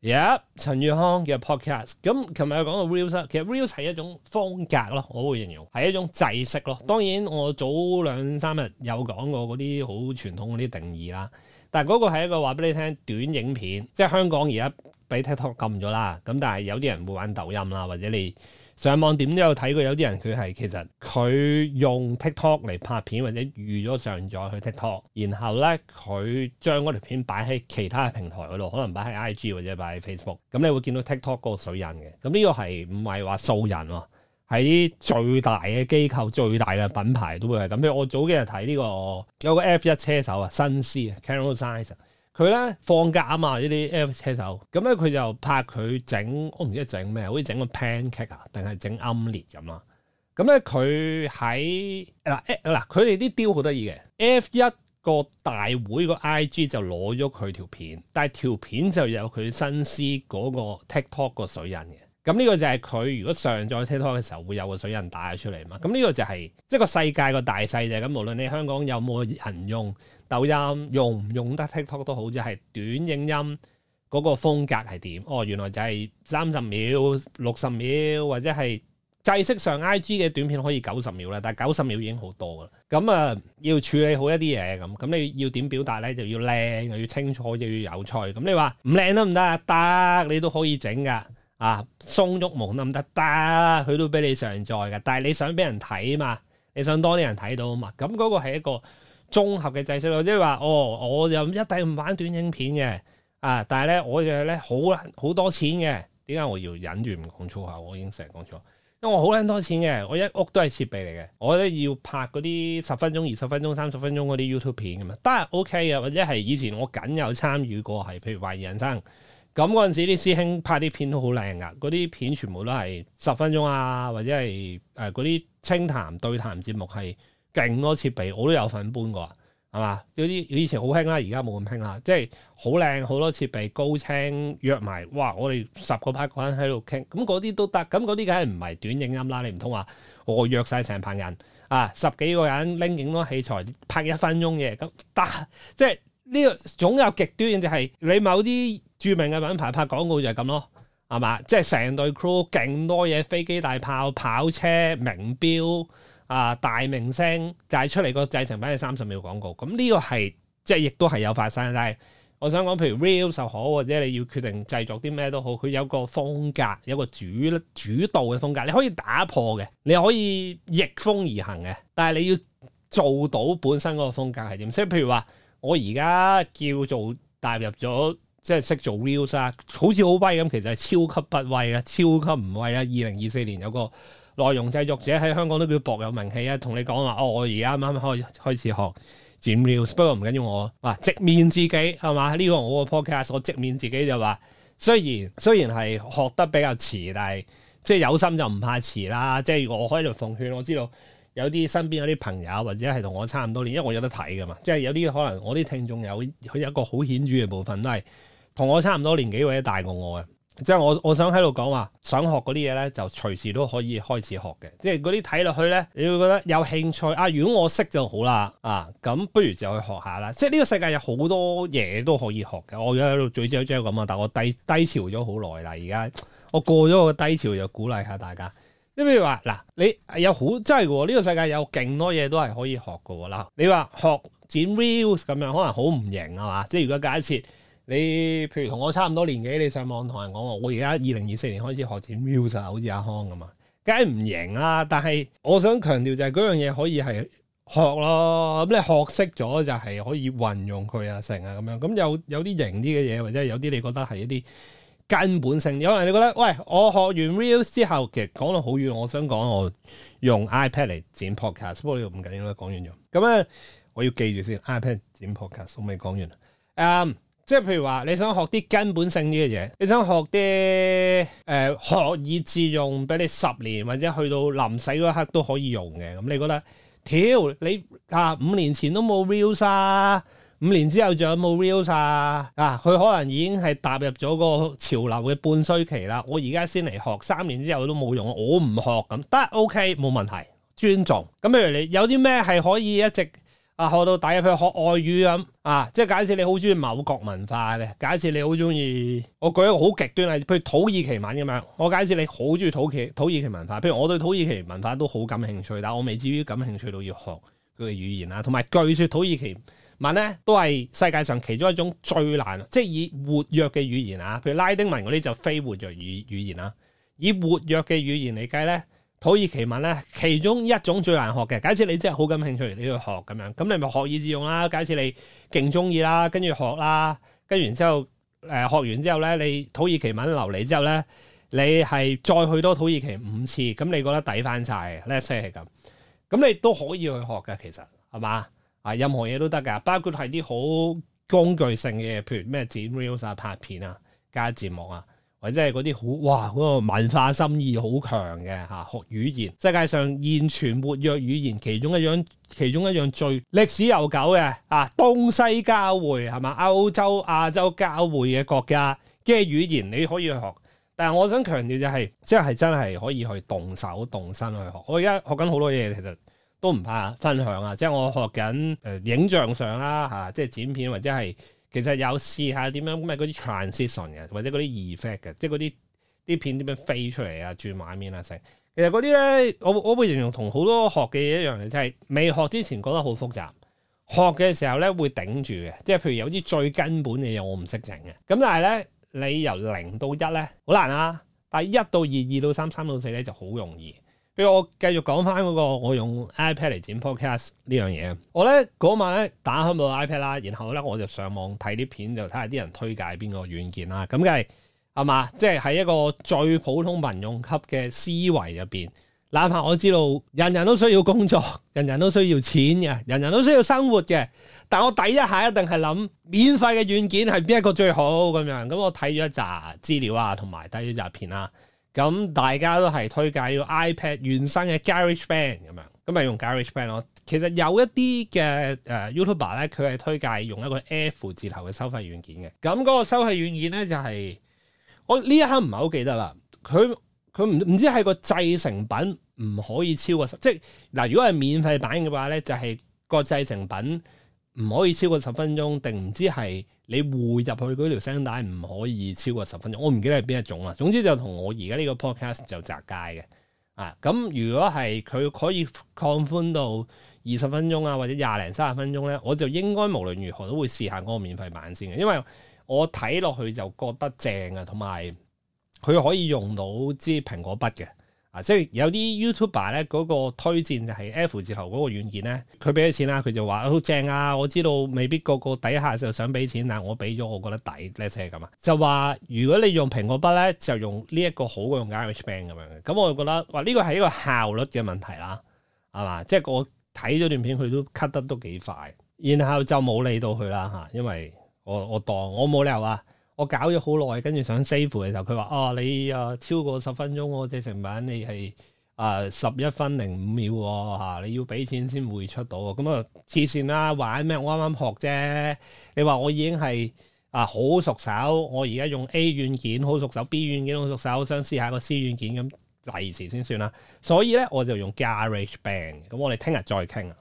而家、yeah, 陳宇康嘅 podcast，咁琴日有講到 reels，其實 reels 係一種風格咯，我會形容係一種制式咯。當然我早兩三日有講過嗰啲好傳統嗰啲定義啦，但係嗰個係一個話俾你聽，短影片即係香港而家俾 TikTok 禁咗啦。咁但係有啲人會玩抖音啦，或者你，上網點都有睇過有，有啲人佢係其實佢用 TikTok 嚟拍片或者預咗上載去 TikTok，然後咧佢將嗰條片擺喺其他嘅平台嗰度，可能擺喺 IG 或者擺喺 Facebook，咁你會見到 TikTok 嗰個水印嘅。咁呢個係唔係話素人喎？係啲最大嘅機構、最大嘅品牌都會係咁。譬如我早幾日睇呢個有個 F1 車手啊，新司啊，Carlo Sizer。C, 佢咧放假啊嘛，呢啲 F 車手，咁咧佢就拍佢整，我唔知整咩，好似整個 pancake 啊，定係整奄列咁啦。咁咧佢喺嗱嗱，佢哋啲雕好得意嘅。F 一個大會個 IG 就攞咗佢條片，但係條片就有佢新思嗰個 TikTok 個水印嘅。咁呢個就係佢如果上載 TikTok 嘅時候會有個水印打出嚟嘛？咁呢、這個就係、是、即係個世界個大細啫。咁無論你香港有冇人用抖音，用唔用得 TikTok 都好，就係、是、短影音嗰個風格係點？哦，原來就係三十秒、六十秒或者係制式上 IG 嘅短片可以九十秒啦。但係九十秒已經好多啦。咁、嗯、啊，要處理好一啲嘢咁。咁你要點表達咧？就要靚，又要清楚，又要有趣。咁你話唔靚都唔得，得你都可以整噶。啊，松慾冇冧得，得，佢、啊、都俾你上載嘅。但係你想俾人睇啊嘛，你想多啲人睇到啊嘛。咁嗰個係一個綜合嘅制式。即係話，哦，我又一定唔玩短影片嘅。啊，但係咧，我又咧好好多錢嘅。點解我要忍住唔講粗口？我已經成日講粗口，因為我好捻多錢嘅。我一屋都係設備嚟嘅，我都要拍嗰啲十分鐘、二十分鐘、三十分鐘嗰啲 YouTube 片咁嘛。得、啊、OK 嘅，或者係以前我僅有參與過係，譬如《懷疑人生》。咁嗰陣時啲師兄拍啲片都好靚㗎，嗰啲片全部都係十分鐘啊，或者係誒嗰啲清談對談節目係勁多設備，我都有份搬過，係嘛？嗰啲以前好興啦，而家冇咁興啦，即係好靚好多設備，高清約埋，哇！我哋十個八個人喺度傾，咁嗰啲都得，咁嗰啲梗係唔係短影音啦？你唔通話我約晒成棚人啊，十幾個人拎影多器材拍一分鐘嘅，咁得，即係呢個總有極端就係你某啲。著名嘅品牌拍廣告就係咁咯，係嘛？即係成隊 crew，勁多嘢，飛機大炮、跑車、名錶啊、大明星帶出嚟個製成品係三十秒廣告。咁、嗯、呢、這個係即係亦都係有發生。但係我想講，譬如 Real 就好，或者你要決定製作啲咩都好，佢有個風格，有個主主導嘅風格。你可以打破嘅，你可以逆風而行嘅，但係你要做到本身嗰個風格係點。即係譬如話，我而家叫做帶入咗。即係識做 video 好似好威咁，其實係超級不威啊，超級唔威啊！二零二四年有個內容製作者喺香港都叫薄有名氣啊。同你講話，哦，我而家啱啱開始始學剪 video 不過唔緊要我，哇、啊！直面自己係嘛？呢、這個我個 podcast 我直面自己就話，雖然雖然係學得比較遲，但係即係有心就唔怕遲啦。即係我喺度奉勸，我知道有啲身邊有啲朋友或者係同我差唔多年，因為我有得睇噶嘛。即係有啲可能我啲聽眾有佢有一個好顯著嘅部分都係。同我差唔多年紀或者大過、就是、我嘅，即係我我想喺度講話，想學嗰啲嘢咧，就隨時都可以開始學嘅。即係嗰啲睇落去咧，你會覺得有興趣啊。如果我識就好啦，啊咁，不如就去學下啦。即係呢個世界有好多嘢都可以學嘅。我而家喺度咀嚼咀嚼咁啊，但係我低低潮咗好耐啦。而家我過咗我低潮，就鼓勵下大家。即係譬如話，嗱、啊，你有好真係嘅呢個世界有勁多嘢都係可以學嘅啦、啊。你話學剪 reels 咁樣，可能好唔型啊嘛。即係如果假設。你譬如同我差唔多年紀，你上網同人講話，我而家二零二四年開始學剪 Reels 好似阿康咁啊，梗係唔贏啦。但係我想強調就係嗰樣嘢可以係學咯，咁、嗯、你學識咗就係可以運用佢啊成啊咁樣。咁、嗯、有有啲型啲嘅嘢，或者有啲你覺得係一啲根本性，可能。你覺得喂，我學完 Reels 之後其實講到好遠，我想講我用 iPad 嚟剪 podcast，不過呢度唔緊要啦，講完咗。咁啊，我要記住先 iPad 剪 podcast，我未講完啊。Um, 即係譬如話，你想學啲根本性啲嘅嘢，你想學啲誒、呃、學以致用，俾你十年或者去到臨死嗰刻都可以用嘅。咁、嗯、你覺得？屌你啊，五年前都冇 views 啊，五年之後仲有冇 views 晒啊？佢、啊、可能已經係踏入咗嗰個潮流嘅半衰期啦。我而家先嚟學，三年之後都冇用，我唔學咁得、嗯、OK，冇問題，尊重。咁、嗯、譬如你有啲咩係可以一直？啊，學到底啊！譬如學外語咁啊，即係假設你好中意某國文化嘅，假設你好中意，我舉一個好極端例子，譬如土耳其文咁樣。我假設你好中意土耳其、土耳其文化，譬如我對土耳其文化都好感興趣，但係我未至於感興趣到要學佢嘅語言啊。同埋，據說土耳其文咧都係世界上其中一種最難，即係以活躍嘅語言啊，譬如拉丁文嗰啲就非活躍語語言啦。以活躍嘅語言嚟計咧。土耳其文咧，其中一種最難學嘅。假設你真係好感興趣，你要學咁樣，咁你咪學以致用啦。假設你勁中意啦，跟住學啦，跟完之後，誒學完之後咧，你土耳其文流利之後咧，你係再去多土耳其五次，咁你覺得抵翻曬？Let's say 係咁，咁你都可以去學嘅，其實係嘛啊？任何嘢都得噶，包括係啲好工具性嘅，譬如咩剪 reels 啊、拍片啊、加節目啊。或者係嗰啲好哇嗰、嗰個、文化心意好強嘅，嚇，學語言，世界上現存活躍語言其中一樣其中一樣最歷史悠久嘅啊，東西交匯係嘛，歐洲亞洲交匯嘅國家嘅語言你可以去學，但係我想強調就係即係真係可以去動手動身去學。我而家學緊好多嘢，其實都唔怕分享、呃、啊！即係我學緊誒影像上啦嚇，即係剪片或者係。其實有試下點樣咁嗰啲 transition 嘅，或者嗰啲 effect 嘅，即係嗰啲啲片點樣飛出嚟啊，轉畫面啊成。其實嗰啲咧，我我會形容同好多學嘅嘢一樣嘅，即係未學之前覺得好複雜，學嘅時候咧會頂住嘅。即係譬如有啲最根本嘅嘢我唔識整嘅，咁但係咧你由零到一咧好難啊，但係一到二、二到三、三到四咧就好容易。畀我繼續講翻嗰個我用 iPad 嚟剪 Podcast 呢樣嘢，我咧嗰晚咧打開部 iPad 啦，然後咧我就上網睇啲片，就睇下啲人推介邊個軟件啦。咁梗係係嘛，即係喺一個最普通民用級嘅思維入邊，哪怕我知道人人都需要工作，人人都需要錢嘅，人人都需要生活嘅，但我第一下一定係諗免費嘅軟件係邊一個最好咁樣。咁我睇咗一紮資料啊，同埋睇咗一紮片啊。咁大家都係推介用 iPad 原生嘅 GarageBand 咁樣，咁咪用 GarageBand 咯。其實有一啲嘅誒 YouTuber 咧，佢係推介用一個 F 字頭嘅收費軟件嘅。咁、那、嗰個收費軟件咧就係、是、我呢一刻唔係好記得啦。佢佢唔唔知係個製成品唔可以超過，即係嗱，如果係免費版嘅話咧，就係、是、個製成品。唔可以超過十分鐘，定唔知係你匯入去嗰條聲帶唔可以超過十分鐘。我唔記得係邊一種啦。總之就同我而家呢個 podcast 就窄界嘅啊。咁如果係佢可以擴寬到二十分鐘啊，或者廿零三十分鐘咧，我就應該無論如何都會試下嗰個免費版先嘅，因為我睇落去就覺得正啊，同埋佢可以用到支蘋果筆嘅。啊，即係有啲 YouTuber 咧，嗰個推薦就係 F 字頭嗰個軟件咧，佢俾咗錢啦，佢就話好正啊！我知道未必個個底下就想俾錢，但係我俾咗，我覺得抵，咧就係咁啊。就話如果你用蘋果筆咧，就用呢一個好過用 iPad 咁樣嘅，咁我就覺得話呢個係一個效率嘅問題啦，係嘛？即係我睇咗段片，佢都 cut 得都幾快，然後就冇理到佢啦嚇，因為我我，我當我冇理由話、啊。我搞咗好耐，跟住想 save 嘅時候，佢話：哦、啊，你啊超過十分鐘喎，隻成品你係啊十一分零五秒喎、嚇、你要俾錢先會出到。咁啊黐線啦，玩咩？我啱啱學啫。你話我已經係啊好熟手，我而家用 A 軟件好熟手，B 軟件好熟手，想試下個 C 軟件咁第二時先算啦。所以咧，我就用 GarageBand、嗯。咁我哋聽日再傾啊。